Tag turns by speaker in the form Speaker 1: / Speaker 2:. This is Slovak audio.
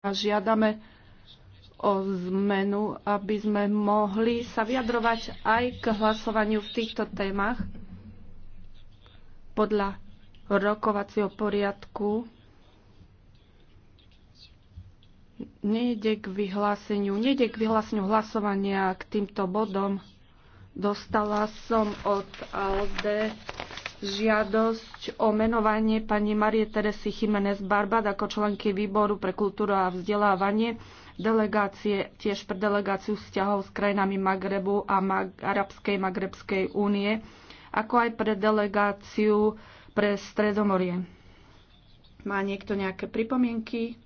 Speaker 1: a žiadame o zmenu, aby sme mohli sa vyjadrovať aj k hlasovaniu v týchto témach podľa rokovacieho poriadku. Nejde k vyhláseniu, nejde k vyhláseniu hlasovania k týmto bodom. Dostala som od ALDE žiadosť o menovanie pani Marie Teresy Jiménez Barbad ako členky výboru pre kultúru a vzdelávanie delegácie, tiež pre delegáciu vzťahov s krajinami Magrebu a Mag- Arabskej Magrebskej únie, ako aj pre delegáciu pre Stredomorie. Má niekto nejaké pripomienky?